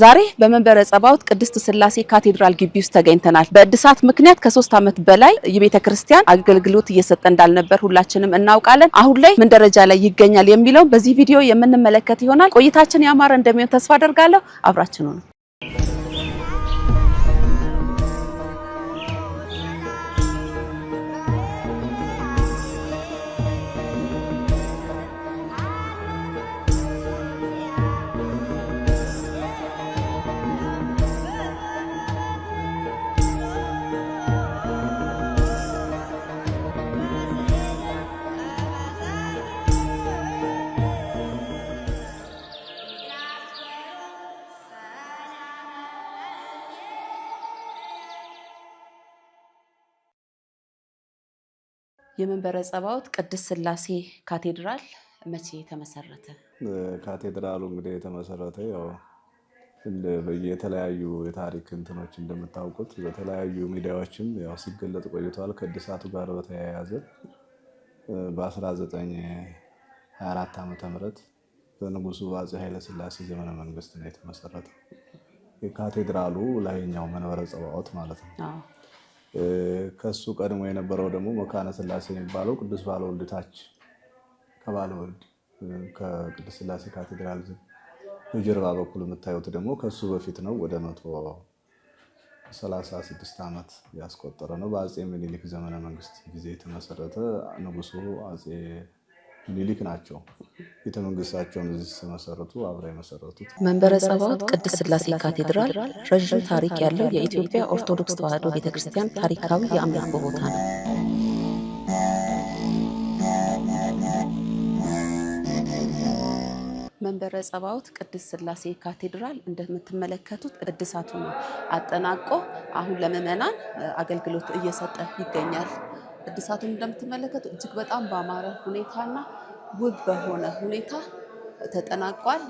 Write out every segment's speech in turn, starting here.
ዛሬ በመንበረ ጸባኦት ቅድስት ስላሴ ካቴድራል ግቢ ውስጥ ተገኝተናል። በእድሳት ምክንያት ከሶስት ዓመት በላይ የቤተ ክርስቲያን አገልግሎት እየሰጠ እንዳልነበር ሁላችንም እናውቃለን። አሁን ላይ ምን ደረጃ ላይ ይገኛል የሚለውን በዚህ ቪዲዮ የምንመለከት ይሆናል። ቆይታችን ያማረ እንደሚሆን ተስፋ አደርጋለሁ። አብራችን ነው የመንበረ ጸባዖት ቅድስት ስላሴ ካቴድራል መቼ የተመሰረተ ካቴድራሉ እንግዲህ የተመሰረተ የተለያዩ የታሪክ እንትኖች እንደምታውቁት በተለያዩ ሚዲያዎችም ያው ሲገለጥ ቆይተዋል። ከእድሳቱ ጋር በተያያዘ በ1924 ዓ ም በንጉሱ በአፄ ኃይለስላሴ ዘመነ መንግስት ነው የተመሰረተው። የካቴድራሉ ላይኛው መንበረ ጸባዖት ማለት ነው። ከሱ ቀድሞ የነበረው ደግሞ መካነ ስላሴ የሚባለው ቅዱስ ባለወልድ ታች ከባለወልድ ከቅዱስ ስላሴ ካቴድራል በጀርባ በኩል የምታዩት ደግሞ ከሱ በፊት ነው። ወደ መቶ ሰላሳ ስድስት ዓመት ያስቆጠረ ነው። በአፄ ምኒልክ ዘመነ መንግስት ጊዜ የተመሰረተ ንጉሱ አፄ ሚኒሊክ ናቸው ቤተ መንግስታቸውን እዚህ ሲመሰረቱ አብረው የመሰረቱት። መንበረ ጸባዖት ቅድስት ስላሴ ካቴድራል ረዥም ታሪክ ያለው የኢትዮጵያ ኦርቶዶክስ ተዋሕዶ ቤተክርስቲያን ታሪካዊ የአምልኮ ቦታ ነው። መንበረ ጸባዖት ቅድስት ስላሴ ካቴድራል እንደምትመለከቱት እድሳቱ ነው አጠናቆ አሁን ለምዕመናን አገልግሎት እየሰጠ ይገኛል። እድሳቱን እንደምትመለከቱ እጅግ በጣም በአማረ ሁኔታና ውብ በሆነ ሁኔታ ተጠናቋል።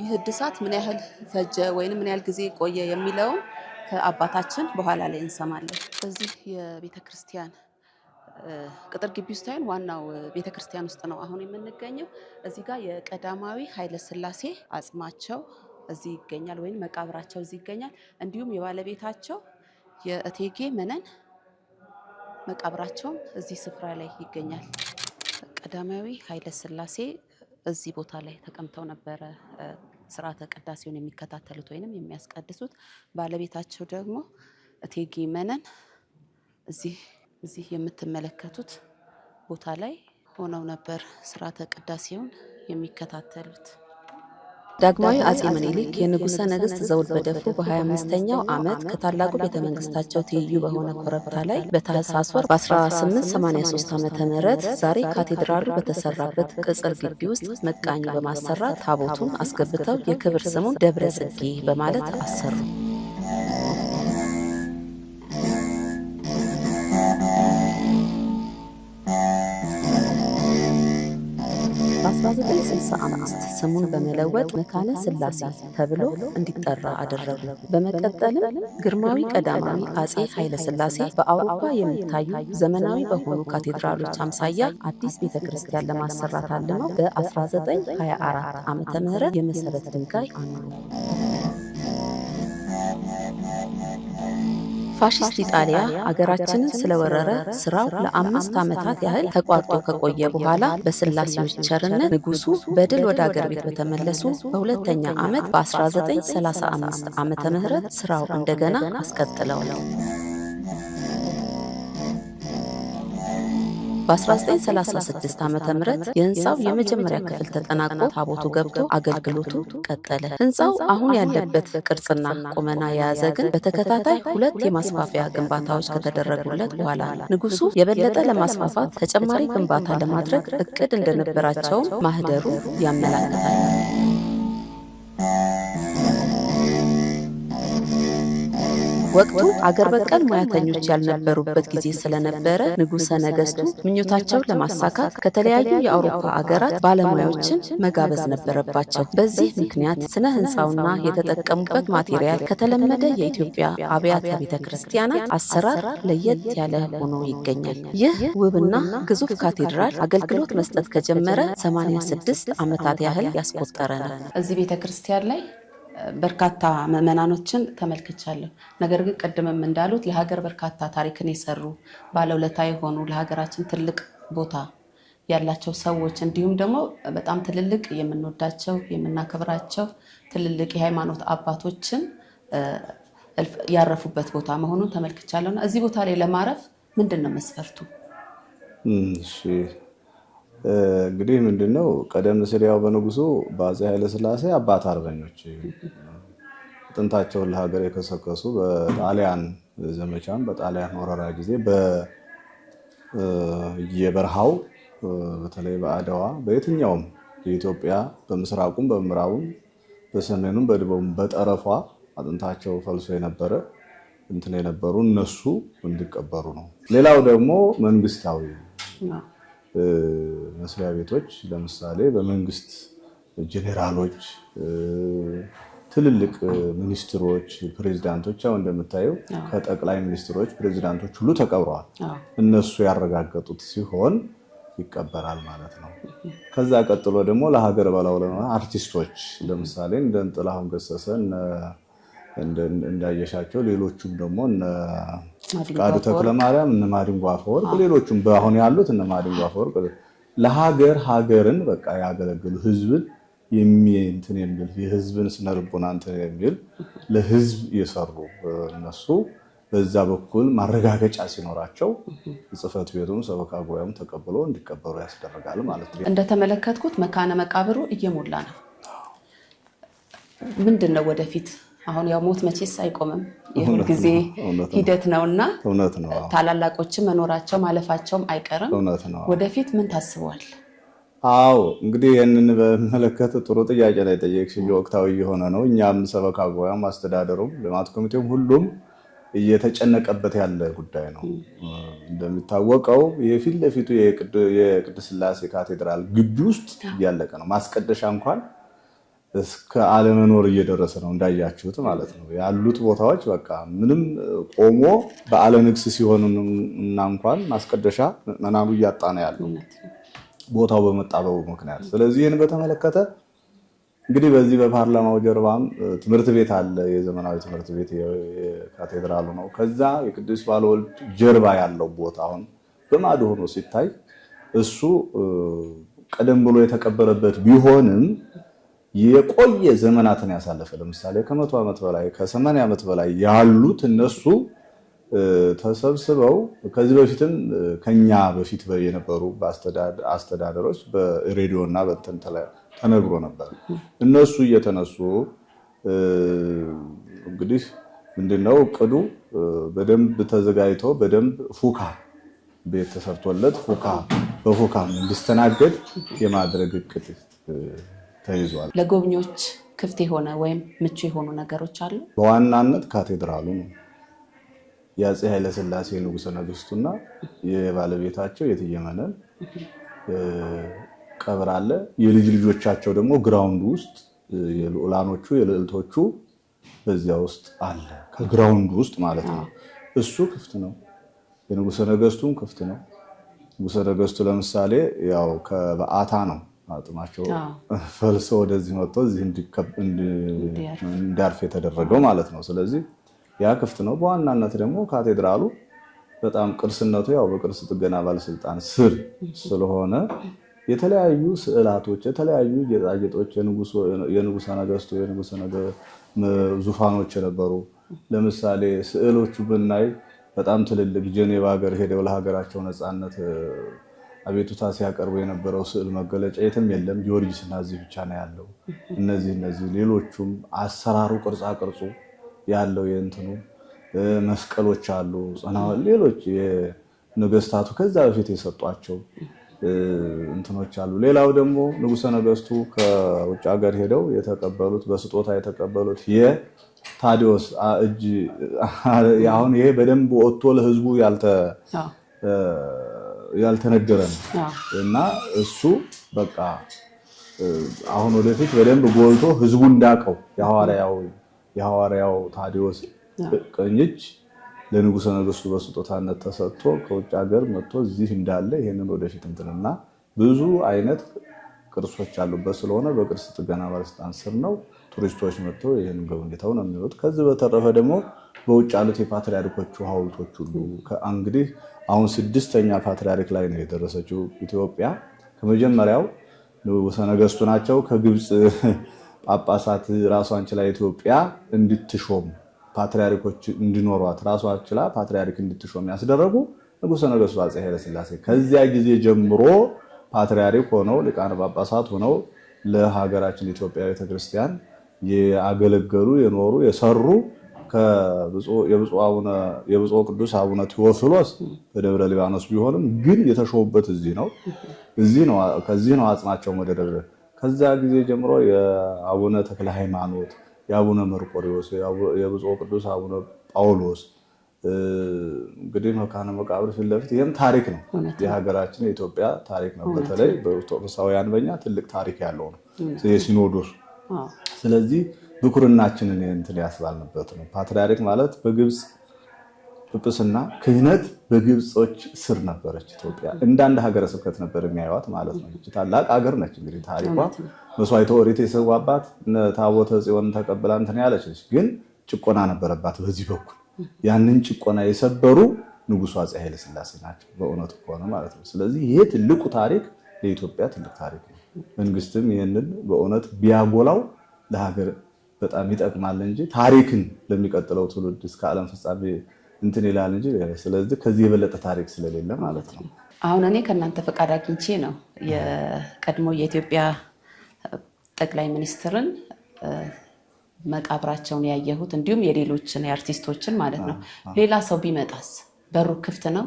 ይህ እድሳት ምን ያህል ፈጀ ወይም ምን ያህል ጊዜ ቆየ የሚለውን ከአባታችን በኋላ ላይ እንሰማለን። በዚህ የቤተ ክርስቲያን ቅጥር ግቢ ውስጥ ሳይሆን ዋናው ቤተ ክርስቲያን ውስጥ ነው አሁን የምንገኘው። እዚህ ጋር የቀዳማዊ ኃይለ ሥላሴ አጽማቸው እዚህ ይገኛል፣ ወይም መቃብራቸው እዚህ ይገኛል። እንዲሁም የባለቤታቸው የእቴጌ መነን መቃብራቸውም እዚህ ስፍራ ላይ ይገኛል። ቀዳማዊ ኃይለ ሥላሴ እዚህ ቦታ ላይ ተቀምጠው ነበረ ስርዓተ ቅዳሴውን የሚከታተሉት ወይንም የሚያስቀድሱት። ባለቤታቸው ደግሞ እቴጌ መነን እዚህ የምትመለከቱት ቦታ ላይ ሆነው ነበር ስርዓተ ቅዳሴውን የሚከታተሉት። ዳግማዊ አጼ ምኒልክ የንጉሠ ነገሥት ዘውድ በደፉ በ25ኛው ዓመት ከታላቁ ቤተ መንግስታቸው ትይዩ በሆነ ኮረብታ ላይ በታህሳስ ወር በ1883 ዓ ም ዛሬ ካቴድራሉ በተሰራበት ቅጽር ግቢ ውስጥ መቃኝ በማሰራት ታቦቱን አስገብተው የክብር ስሙን ደብረ ጽጌ በማለት አሰሩ። በ1965 ስሙን በመለወጥ መካነ ስላሴ ተብሎ እንዲጠራ አደረጉ። በመቀጠልም ግርማዊ ቀዳማዊ አጼ ኃይለ ስላሴ በአውሮፓ የሚታዩ ዘመናዊ በሆኑ ካቴድራሎች አምሳያ አዲስ ቤተ ክርስቲያን ለማሰራት አልመው በ1924 ዓመተ ምህረት የመሰረት ድንጋይ አኑሩ። ፋሺስት ኢጣሊያ አገራችንን ስለወረረ ስራው ለአምስት ዓመታት ያህል ተቋርጦ ከቆየ በኋላ በስላሴዎች ቸርነት ንጉሱ በድል ወደ አገር ቤት በተመለሱ በሁለተኛ ዓመት በ1935 ዓመተ ምህረት ስራው እንደገና አስቀጥለው ነው። በ1936 ዓ ም የህንፃው የመጀመሪያ ክፍል ተጠናቆ ታቦቱ ገብቶ አገልግሎቱ ቀጠለ። ህንፃው አሁን ያለበት ቅርጽና ቁመና የያዘ ግን በተከታታይ ሁለት የማስፋፊያ ግንባታዎች ከተደረጉለት በኋላ ንጉሱ የበለጠ ለማስፋፋት ተጨማሪ ግንባታ ለማድረግ እቅድ እንደነበራቸውም ማህደሩ ያመላክታል። ወቅቱ አገር በቀል ሙያተኞች ያልነበሩበት ጊዜ ስለነበረ ንጉሰ ነገስቱ ምኞታቸውን ለማሳካት ከተለያዩ የአውሮፓ አገራት ባለሙያዎችን መጋበዝ ነበረባቸው። በዚህ ምክንያት ስነ ህንፃውና የተጠቀሙበት ማቴሪያል ከተለመደ የኢትዮጵያ አብያተ ቤተ ክርስቲያናት አሰራር ለየት ያለ ሆኖ ይገኛል። ይህ ውብና ግዙፍ ካቴድራል አገልግሎት መስጠት ከጀመረ 86 ዓመታት ያህል ያስቆጠረ ነው። እዚህ ቤተ ክርስቲያን ላይ በርካታ ምዕመናኖችን ተመልክቻለሁ። ነገር ግን ቅድምም እንዳሉት ለሀገር በርካታ ታሪክን የሰሩ ባለውለታ የሆኑ ለሀገራችን ትልቅ ቦታ ያላቸው ሰዎች እንዲሁም ደግሞ በጣም ትልልቅ የምንወዳቸው የምናከብራቸው ትልልቅ የሃይማኖት አባቶችን ያረፉበት ቦታ መሆኑን ተመልክቻለሁና እዚህ ቦታ ላይ ለማረፍ ምንድን ነው መስፈርቱ? እንግዲህ ምንድነው ቀደም ሲል ያው በንጉሱ በአፄ ኃይለስላሴ አባት አርበኞች ጥንታቸውን ለሀገር የከሰከሱ በጣሊያን ዘመቻም በጣሊያን ወረራ ጊዜ በየበረሃው በተለይ በአድዋ በየትኛውም የኢትዮጵያ በምስራቁም በምዕራቡም በሰሜኑም በደቡቡም በጠረፏ አጥንታቸው ፈልሶ የነበረ እንትን የነበሩ እነሱ እንዲቀበሩ ነው። ሌላው ደግሞ መንግስታዊ መስሪያ ቤቶች ለምሳሌ በመንግስት ጄኔራሎች፣ ትልልቅ ሚኒስትሮች፣ ፕሬዚዳንቶች አሁን እንደምታየው ከጠቅላይ ሚኒስትሮች ፕሬዚዳንቶች ሁሉ ተቀብረዋል። እነሱ ያረጋገጡት ሲሆን ይቀበራል ማለት ነው። ከዛ ቀጥሎ ደግሞ ለሀገር በላው አርቲስቶች ለምሳሌ እንደ ጥላሁን ገሰሰ እንዳየሻቸው ሌሎቹም ደግሞ ፍቃዱ ተክለማርያም፣ እነ ማዲንጎ አፈወርቅ ሌሎቹም በአሁን ያሉት እነ ማዲንጎ አፈወርቅ ለሀገር ሀገርን በቃ ያገለግሉ ህዝብን የሚንትን የሚል የህዝብን ስነልቦና እንትን የሚል ለህዝብ የሰሩ እነሱ በዛ በኩል ማረጋገጫ ሲኖራቸው ጽህፈት ቤቱም ሰበካ ጉባኤም ተቀብሎ እንዲቀበሩ ያስደረጋል ማለት ነው። እንደተመለከትኩት መካነ መቃብሩ እየሞላ ነው። ምንድን ነው ወደፊት አሁን ያው ሞት መቼስ አይቆምም፣ ይሁን ጊዜ ሂደት ነው እና ታላላቆችም መኖራቸው ማለፋቸውም አይቀርም። እውነት ነው። ወደፊት ምን ታስበዋል? አዎ እንግዲህ ይህንን በመለከት ጥሩ ጥያቄ ላይ ጠየቅሽኝ። ወቅታዊ የሆነ ነው። እኛም ሰበካ ጉባኤም፣ አስተዳደሩም፣ ልማት ኮሚቴውም ሁሉም እየተጨነቀበት ያለ ጉዳይ ነው። እንደሚታወቀው የፊት ለፊቱ የቅድስት ሥላሴ ካቴድራል ግቢ ውስጥ እያለቀ ነው። ማስቀደሻ እንኳን እስከ አለመኖር እየደረሰ ነው እንዳያችሁት ማለት ነው። ያሉት ቦታዎች በቃ ምንም ቆሞ በአለንግስ ሲሆን እና እንኳን ማስቀደሻ ምዕመናኑ እያጣ ነው ያለው ቦታው በመጣበቡ ምክንያት። ስለዚህ ይህን በተመለከተ እንግዲህ በዚህ በፓርላማው ጀርባም ትምህርት ቤት አለ። የዘመናዊ ትምህርት ቤት ካቴድራሉ ነው። ከዛ የቅዱስ ባለወልድ ጀርባ ያለው ቦታ አሁን በማዶ ሆኖ ሲታይ እሱ ቀደም ብሎ የተቀበረበት ቢሆንም የቆየ ዘመናትን ያሳለፈ ለምሳሌ ከመቶ ዓመት በላይ ከሰማንያ ዓመት በላይ ያሉት እነሱ ተሰብስበው ከዚህ በፊትም ከኛ በፊት የነበሩ አስተዳደሮች በሬዲዮ እና በእንትን ተነግሮ ነበር። እነሱ እየተነሱ እንግዲህ ምንድነው እቅዱ በደንብ ተዘጋጅቶ በደንብ ፉካ ቤት ተሰርቶለት ፉካ በፉካም እንዲስተናገድ የማድረግ እቅድ ተይዟል። ለጎብኚዎች ክፍት የሆነ ወይም ምቹ የሆኑ ነገሮች አሉ። በዋናነት ካቴድራሉ ነው የአፄ ኃይለስላሴ ንጉሠ ነገስቱና የባለቤታቸው የእቴጌ ቀብር አለ። የልጅ ልጆቻቸው ደግሞ ግራውንድ ውስጥ የልዑላኖቹ የልዕልቶቹ በዚያ ውስጥ አለ። ከግራውንድ ውስጥ ማለት ነው። እሱ ክፍት ነው። የንጉሰ ነገስቱም ክፍት ነው። ንጉሰ ነገስቱ ለምሳሌ ያው ከበዓታ ነው አጥማቸው ፈልሶ ወደዚህ መጥቶ እዚህ እንዲያርፍ የተደረገው ማለት ነው። ስለዚህ ያ ክፍት ነው። በዋናነት ደግሞ ካቴድራሉ በጣም ቅርስነቱ ያው በቅርስ ጥገና ባለስልጣን ስር ስለሆነ የተለያዩ ስዕላቶች፣ የተለያዩ ጌጣጌጦች፣ የንጉሰ ነገስቱ የንጉሰ ዙፋኖች የነበሩ ለምሳሌ ስዕሎቹ ብናይ በጣም ትልልቅ ጄኔቫ ሀገር ሄደው ለሀገራቸው ነፃነት አቤቱታ ሲያቀርቡ የነበረው ስዕል መገለጫ የትም የለም፣ ጊዮርጊስና እዚህ ብቻ ነው ያለው። እነዚህ እነዚህ ሌሎቹም አሰራሩ ቅርጻ ቅርጹ ያለው የእንትኑ መስቀሎች አሉ፣ ሌሎች ነገስታቱ ከዛ በፊት የሰጧቸው እንትኖች አሉ። ሌላው ደግሞ ንጉሰ ነገስቱ ከውጭ ሀገር ሄደው የተቀበሉት በስጦታ የተቀበሉት የታዲዮስ እጅ አሁን ይሄ በደንብ ወጥቶ ለህዝቡ ያልተ ያልተነገረ ነው እና እሱ በቃ አሁን ወደፊት በደንብ ጎልቶ ህዝቡ እንዳቀው የሐዋርያው የሐዋርያው ታዲዎስ ቀኝ እጅ ለንጉሠ በስጦታነት ተሰጥቶ ከውጭ ሀገር መጥቶ እዚህ እንዳለ ይህንን ወደፊት እንትንና ብዙ አይነት ቅርሶች ያሉበት ስለሆነ በቅርስ ጥገና ባለስልጣን ስር ነው። ቱሪስቶች መጥተው ይህን ጎብኝተው ነው የሚሉት። ከዚህ በተረፈ ደግሞ በውጭ ያሉት የፓትሪያርኮቹ ሀውልቶች ሁሉ እንግዲህ አሁን ስድስተኛ ፓትርያርክ ላይ ነው የደረሰችው ኢትዮጵያ። ከመጀመሪያው ንጉሠ ነገሥቱ ናቸው። ከግብፅ ጳጳሳት ራሷን ችላ ኢትዮጵያ እንድትሾም ፓትርያርኮች እንዲኖሯት ራሷችላ ችላ ፓትርያርክ እንድትሾም ያስደረጉ ንጉሠ ነገሥቱ አፄ ኃይለሥላሴ ከዚያ ጊዜ ጀምሮ ፓትርያርክ ሆነው ሊቃነ ጳጳሳት ሆነው ለሀገራችን ኢትዮጵያ ቤተክርስቲያን ያገለገሉ የኖሩ የሰሩ የብፁዕ ቅዱስ አቡነ ቴዎፍሎስ በደብረ ሊባኖስ ቢሆንም ግን የተሾሙበት እዚህ ነው። ከዚህ ነው አጽናቸው መደደር። ከዛ ጊዜ ጀምሮ የአቡነ ተክለ ሃይማኖት፣ የአቡነ መርቆሪዎስ፣ የብፁዕ ቅዱስ አቡነ ጳውሎስ እንግዲህ መካነ መቃብር ፊት ለፊት ይህም ታሪክ ነው። የሀገራችን የኢትዮጵያ ታሪክ ነው። በተለይ በኦርቶዶክሳውያን በኛ ትልቅ ታሪክ ያለው ነው የሲኖዶስ ስለዚህ ብኩርናችንን እንትን ያስባልንበት ነው። ፓትርያርክ ማለት በግብፅ ጵጵስና ክህነት በግብፆች ስር ነበረች ኢትዮጵያ እንዳንድ ሀገረ ስብከት ነበር የሚያዩዋት ማለት ነው። ታላቅ ሀገር ነች። እንግዲህ ታሪኳ መስዋዕተ ኦሪት የሰዋባት ታቦተ ጽዮን ተቀብላ እንትን ያለች ግን ጭቆና ነበረባት በዚህ በኩል ያንን ጭቆና የሰበሩ ንጉሱ አፄ ኃይለ ሥላሴ ናቸው በእውነቱ ከሆነ ማለት ነው። ስለዚህ ይሄ ትልቁ ታሪክ ለኢትዮጵያ ትልቅ ታሪክ ነው። መንግስትም ይህንን በእውነት ቢያጎላው ለሀገር በጣም ይጠቅማል እንጂ ታሪክን ለሚቀጥለው ትውልድ እስከ ዓለም ፍጻሜ እንትን ይላል እንጂ ስለዚህ ከዚህ የበለጠ ታሪክ ስለሌለ ማለት ነው። አሁን እኔ ከእናንተ ፈቃድ አግኝቼ ነው የቀድሞ የኢትዮጵያ ጠቅላይ ሚኒስትርን መቃብራቸውን ያየሁት እንዲሁም የሌሎችን የአርቲስቶችን ማለት ነው። ሌላ ሰው ቢመጣስ በሩ ክፍት ነው?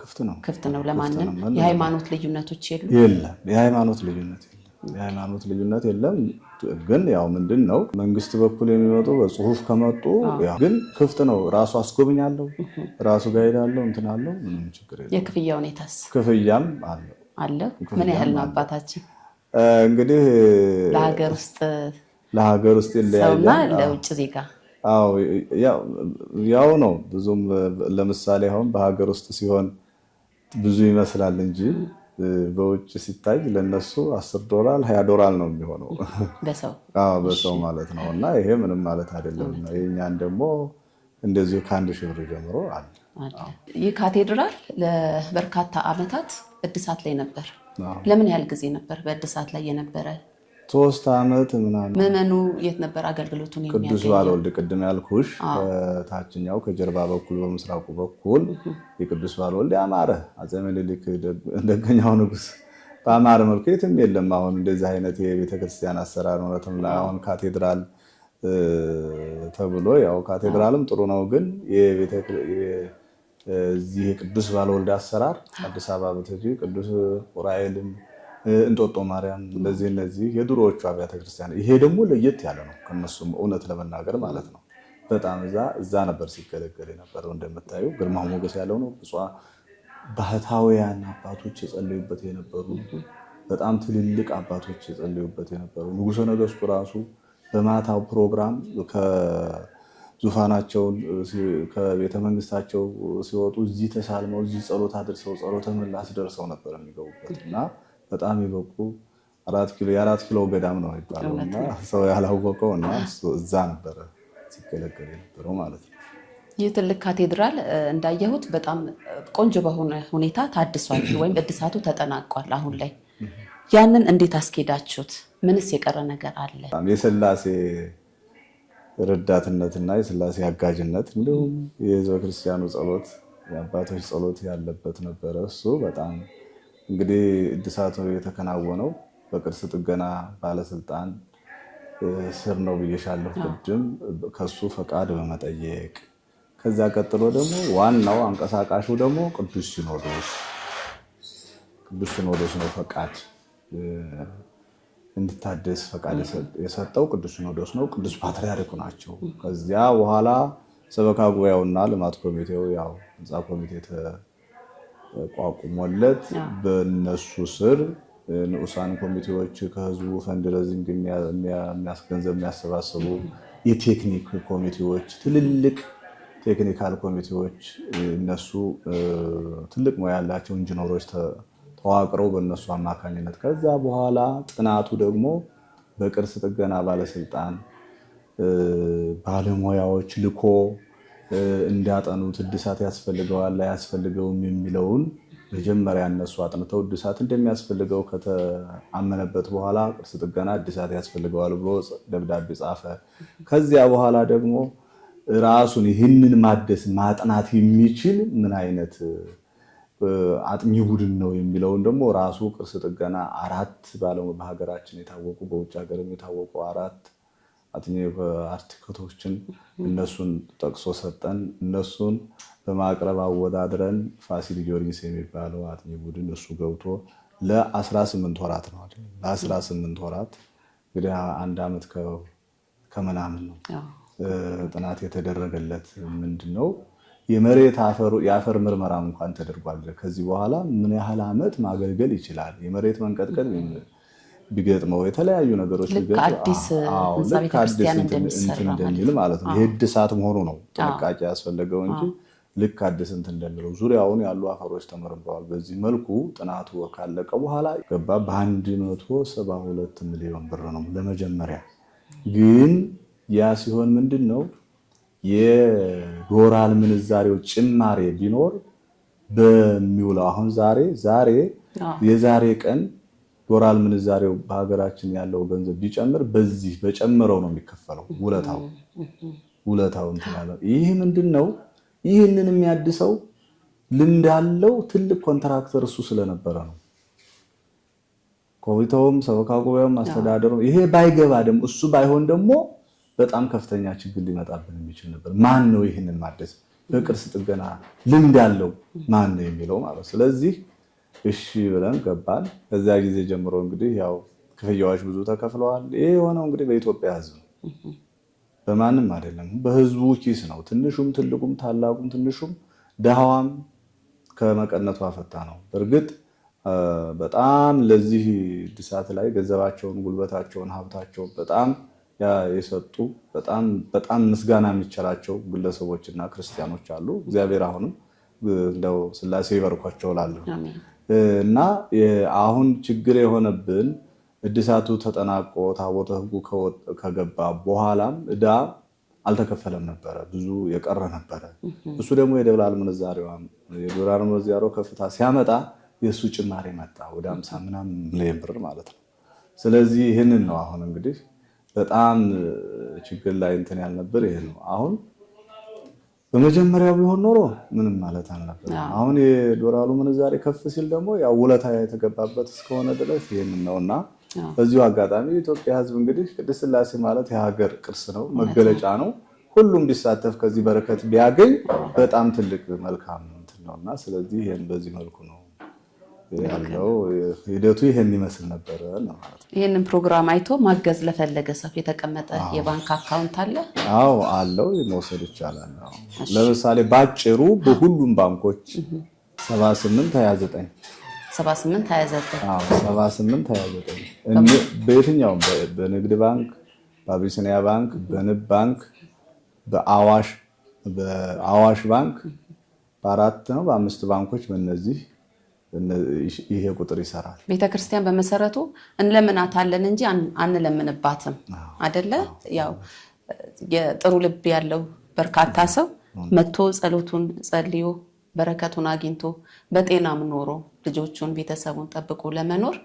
ክፍት ነው፣ ክፍት ነው ለማንም። የሃይማኖት ልዩነቶች የሉ የለም፣ የሃይማኖት ልዩነት የሃይማኖት ልዩነት የለም። ግን ያው ምንድን ነው መንግስት በኩል የሚመጡ በጽሁፍ ከመጡ ግን ክፍት ነው። ራሱ አስጎብኛለሁ፣ ራሱ ጋር ሄዳለሁ፣ እንትን አለው። ምንም ችግር የለም። የክፍያ ሁኔታስ? ክፍያም አለው አለ። ምን ያህል ነው አባታችን? እንግዲህ ለሀገር ውስጥ ለሀገር ውስጥ ይለያያልና ለውጭ ዜጋ ያው ነው ብዙም ለምሳሌ አሁን በሀገር ውስጥ ሲሆን ብዙ ይመስላል እንጂ በውጭ ሲታይ ለነሱ አስር ዶላር ሀያ ዶላር ነው የሚሆነው በሰው ማለት ነው። እና ይሄ ምንም ማለት አይደለም። የእኛን ደግሞ እንደዚሁ ከአንድ ሺህ ብር ጀምሮ አለ። ይህ ካቴድራል ለበርካታ ዓመታት እድሳት ላይ ነበር። ለምን ያህል ጊዜ ነበር በእድሳት ላይ የነበረ? ሶስት ዓመት ምናምን ምዕመኑ የት ነበር አገልግሎቱን ቅዱስ ባለወልድ ቅድም ያልኩሽ ታችኛው ከጀርባ በኩል በምስራቁ በኩል የቅዱስ ባለወልድ ያማረ አፄ ምኒልክ ደገኛው ንጉስ በአማረ መልኩ የትም የለም። አሁን እንደዚህ አይነት የቤተክርስቲያን አሰራር ማለትም አሁን ካቴድራል ተብሎ ያው ካቴድራልም ጥሩ ነው፣ ግን የዚህ የቅዱስ ባለወልድ አሰራር አዲስ አበባ በተጂ ቅዱስ ዑራኤልም እንጦጦ ማርያም እንደዚህ እነዚህ የድሮዎቹ አብያተ ክርስቲያን ይሄ ደግሞ ለየት ያለ ነው ከነሱም እውነት ለመናገር ማለት ነው። በጣም እዛ እዛ ነበር ሲገለገል የነበረው እንደምታዩ ግርማ ሞገስ ያለው ነው። ብ ባህታውያን አባቶች የጸለዩበት የነበሩ በጣም ትልልቅ አባቶች የጸለዩበት የነበሩ ንጉሰ ነገስቱ ራሱ በማታው ፕሮግራም ዙፋናቸውን ከቤተመንግስታቸው ሲወጡ እዚህ ተሳልመው እዚህ ጸሎት አድርሰው ጸሎተ ምላስ ደርሰው ነበር የሚገቡበት እና በጣም የበቁ የአራት ኪሎ ገዳም ነው ይባለው እና ሰው ያላወቀው እና እዛ ነበረ ሲገለገል የነበረው ማለት ነው። ይህ ትልቅ ካቴድራል እንዳየሁት በጣም ቆንጆ በሆነ ሁኔታ ታድሷል ወይም እድሳቱ ተጠናቋል። አሁን ላይ ያንን እንዴት አስኬዳችሁት? ምንስ የቀረ ነገር አለ? የስላሴ ረዳትነትና የስላሴ አጋዥነት እንዲሁም የህዝበ ክርስቲያኑ ጸሎት፣ የአባቶች ጸሎት ያለበት ነበረ። እሱ በጣም እንግዲህ እድሳቱ የተከናወነው በቅርስ ጥገና ባለስልጣን ስር ነው ብዬሻለሁ ቅድም ከሱ ፈቃድ በመጠየቅ ከዚያ ቀጥሎ ደግሞ ዋናው አንቀሳቃሹ ደግሞ ቅዱስ ሲኖዶስ ቅዱስ ሲኖዶስ ነው ፈቃድ እንድታደስ ፈቃድ የሰጠው ቅዱስ ሲኖዶስ ነው። ቅዱስ ፓትርያርኩ ናቸው። ከዚያ በኋላ ሰበካ ጉባኤውና ልማት ኮሚቴው ያው ህንፃ ኮሚቴ ቋቁሞለት በነሱ ስር ንዑሳን ኮሚቴዎች ከህዝቡ ፈንድ የሚያስገንዘብ የሚያሰባስቡ የቴክኒክ ኮሚቴዎች፣ ትልልቅ ቴክኒካል ኮሚቴዎች እነሱ ትልቅ ሙያ ያላቸው ኢንጂነሮች ተዋቅረው በእነሱ አማካኝነት ከዛ በኋላ ጥናቱ ደግሞ በቅርስ ጥገና ባለስልጣን ባለሙያዎች ልኮ እንዲያጠኑት እድሳት ያስፈልገዋል አያስፈልገውም የሚለውን መጀመሪያ እነሱ አጥንተው እድሳት እንደሚያስፈልገው ከተአመነበት በኋላ ቅርስ ጥገና እድሳት ያስፈልገዋል ብሎ ደብዳቤ ጻፈ። ከዚያ በኋላ ደግሞ ራሱን ይህንን ማደስ ማጥናት የሚችል ምን አይነት አጥኚ ቡድን ነው የሚለውን ደግሞ ራሱ ቅርስ ጥገና አራት ባለ በሀገራችን የታወቁ በውጭ ሀገርም የታወቁ አራት አጥኚ አርቲክቶችን እነሱን ጠቅሶ ሰጠን። እነሱን በማቅረብ አወዳድረን ፋሲል ጊዮርጊስ የሚባለው አጥኚ ቡድን እሱ ገብቶ ለ18 ወራት ነው። ለ18 ወራት እንግዲህ አንድ ዓመት ከምናምን ነው ጥናት የተደረገለት። ምንድን ነው የመሬት የአፈር ምርመራ እንኳን ተደርጓል። ከዚህ በኋላ ምን ያህል ዓመት ማገልገል ይችላል? የመሬት መንቀጥቀጥ ቢገጥመው የተለያዩ ነገሮች ልክ አዲስ እንትን እንደሚል ማለት ነው። የእድሳት መሆኑ ነው ጥንቃቄ ያስፈለገው እንጂ ልክ አዲስ እንትን እንደሚለው ዙሪያውን ያሉ አፈሮች ተመርምረዋል። በዚህ መልኩ ጥናቱ ካለቀ በኋላ ገባ በአንድ መቶ ሰባ ሁለት ሚሊዮን ብር ነው ለመጀመሪያ። ግን ያ ሲሆን ምንድን ነው የዶላር ምንዛሬው ጭማሬ ቢኖር በሚውለው አሁን ዛሬ ዛሬ የዛሬ ቀን ዶላር ምንዛሬው በሀገራችን ያለው ገንዘብ ቢጨምር በዚህ በጨምረው ነው የሚከፈለው ውለታው ውለታው እንትን ያለው ይህ ምንድን ነው? ይህንን የሚያድሰው ልምድ ያለው ትልቅ ኮንትራክተር እሱ ስለነበረ ነው። ኮቪተውም ሰበካ ጉባኤውም አስተዳደሩ ይሄ ባይገባ ደግሞ እሱ ባይሆን ደግሞ በጣም ከፍተኛ ችግር ሊመጣብን የሚችል ነበር። ማን ነው ይህንን ማደስ በቅርስ ጥገና ልምድ ያለው ማን ነው የሚለው ማለት ስለዚህ እሺ ብለን ገባል። በዛ ጊዜ ጀምሮ እንግዲህ ያው ክፍያዎች ብዙ ተከፍለዋል። ይህ የሆነው እንግዲህ በኢትዮጵያ ሕዝብ በማንም አይደለም፣ በሕዝቡ ኪስ ነው። ትንሹም ትልቁም፣ ታላቁም ትንሹም፣ ደሃዋም ከመቀነቱ አፈታ ነው። እርግጥ በጣም ለዚህ እድሳት ላይ ገንዘባቸውን፣ ጉልበታቸውን፣ ሀብታቸውን በጣም የሰጡ በጣም በጣም ምስጋና የሚቻላቸው ግለሰቦችና ክርስቲያኖች አሉ። እግዚአብሔር አሁንም እንደው ስላሴ ይበርኳቸው ላለሁ እና አሁን ችግር የሆነብን እድሳቱ ተጠናቆ ታቦተ ሕጉ ከገባ በኋላም እዳ አልተከፈለም ነበረ፣ ብዙ የቀረ ነበረ። እሱ ደግሞ የዶላር ምንዛሬዋ የዶላር ምንዛሬው ከፍታ ሲያመጣ የእሱ ጭማሪ መጣ ወደ አምሳ ምናምን ሚሊዮን ብር ማለት ነው። ስለዚህ ይህንን ነው አሁን እንግዲህ በጣም ችግር ላይ እንትን ያልነበር ይህን ነው አሁን በመጀመሪያ ቢሆን ኖሮ ምንም ማለት አልነበረም። አሁን የዶላሩ ምንዛሬ ከፍ ሲል ደግሞ ያው ውለታ የተገባበት እስከሆነ ድረስ ይህንን ነው እና በዚሁ አጋጣሚ የኢትዮጵያ ሕዝብ እንግዲህ ቅድስት ሥላሴ ማለት የሀገር ቅርስ ነው፣ መገለጫ ነው። ሁሉም ቢሳተፍ ከዚህ በረከት ቢያገኝ በጣም ትልቅ መልካም እንትን ነው እና ስለዚህ ይህን በዚህ መልኩ ነው ያለው ሂደቱ ይሄን ይመስል ነበረ። ይህንን ፕሮግራም አይቶ ማገዝ ለፈለገ ሰው የተቀመጠ የባንክ አካውንት አለ? አዎ አለው፣ መውሰድ ይቻላል። ለምሳሌ ባጭሩ በሁሉም ባንኮች 7829 በየትኛውም በንግድ ባንክ፣ በአቢሲኒያ ባንክ፣ በንብ ባንክ፣ በአዋሽ ባንክ በአራት ነው በአምስት ባንኮች በእነዚህ ይሄ ቁጥር ይሰራል። ቤተክርስቲያን በመሰረቱ እንለምናታለን እንጂ አንለምንባትም አደለ? ያው የጥሩ ልብ ያለው በርካታ ሰው መጥቶ ጸሎቱን ጸልዮ በረከቱን አግኝቶ በጤናም ኖሮ ልጆቹን ቤተሰቡን ጠብቆ ለመኖር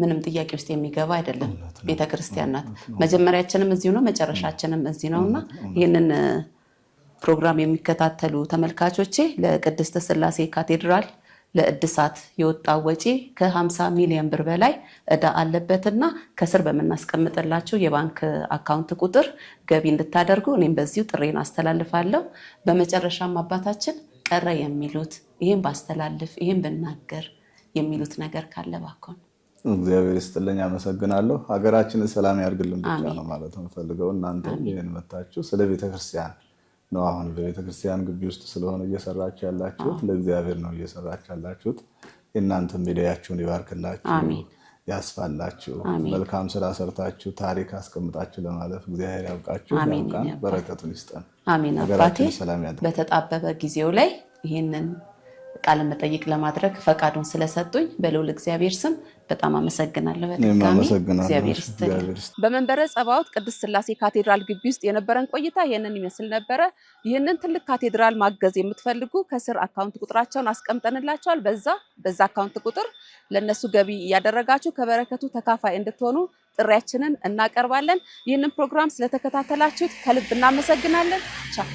ምንም ጥያቄ ውስጥ የሚገባ አይደለም። ቤተክርስቲያን ናት። መጀመሪያችንም እዚሁ ነው፣ መጨረሻችንም እዚህ ነው እና ይህንን ፕሮግራም የሚከታተሉ ተመልካቾቼ ለቅድስተ ስላሴ ካቴድራል ለእድሳት የወጣው ወጪ ከ50 ሚሊዮን ብር በላይ እዳ አለበትና ከስር በምናስቀምጥላችሁ የባንክ አካውንት ቁጥር ገቢ እንድታደርጉ እኔም በዚሁ ጥሬን አስተላልፋለሁ። በመጨረሻም አባታችን ቀረ የሚሉት ይህም ባስተላልፍ ይህም ብናገር የሚሉት ነገር ካለ ባኮን እግዚአብሔር ይስጥልኝ። አመሰግናለሁ። ሀገራችንን ሰላም ያርግልን ብቻ ነው ማለት ነው የምፈልገው። እናንተም ይህን መታችሁ ስለ ቤተክርስቲያን ነው አሁን በቤተክርስቲያን ግቢ ውስጥ ስለሆነ እየሰራችሁ ያላችሁት ለእግዚአብሔር ነው እየሰራችሁ ያላችሁት። የእናንተ ሚዲያችሁን ይባርክላችሁ፣ ያስፋላችሁ፣ መልካም ስራ ሰርታችሁ ታሪክ አስቀምጣችሁ ለማለፍ እግዚአብሔር ያብቃችሁ፣ ያብቃን፣ በረከቱን ይስጠን። አሜን። አባቴ በተጣበበ ጊዜው ላይ ይህንን ቃለ መጠይቅ ለማድረግ ፈቃዱን ስለሰጡኝ በልዑል እግዚአብሔር ስም በጣም አመሰግናለሁ። እግዚአብሔር በመንበረ ጸባዖት ቅድስት ስላሴ ካቴድራል ግቢ ውስጥ የነበረን ቆይታ ይህንን ይመስል ነበረ። ይህንን ትልቅ ካቴድራል ማገዝ የምትፈልጉ ከስር አካውንት ቁጥራቸውን አስቀምጠንላቸዋል። በዛ በዛ አካውንት ቁጥር ለእነሱ ገቢ እያደረጋችሁ ከበረከቱ ተካፋይ እንድትሆኑ ጥሪያችንን እናቀርባለን። ይህንን ፕሮግራም ስለተከታተላችሁት ከልብ እናመሰግናለን። ቻው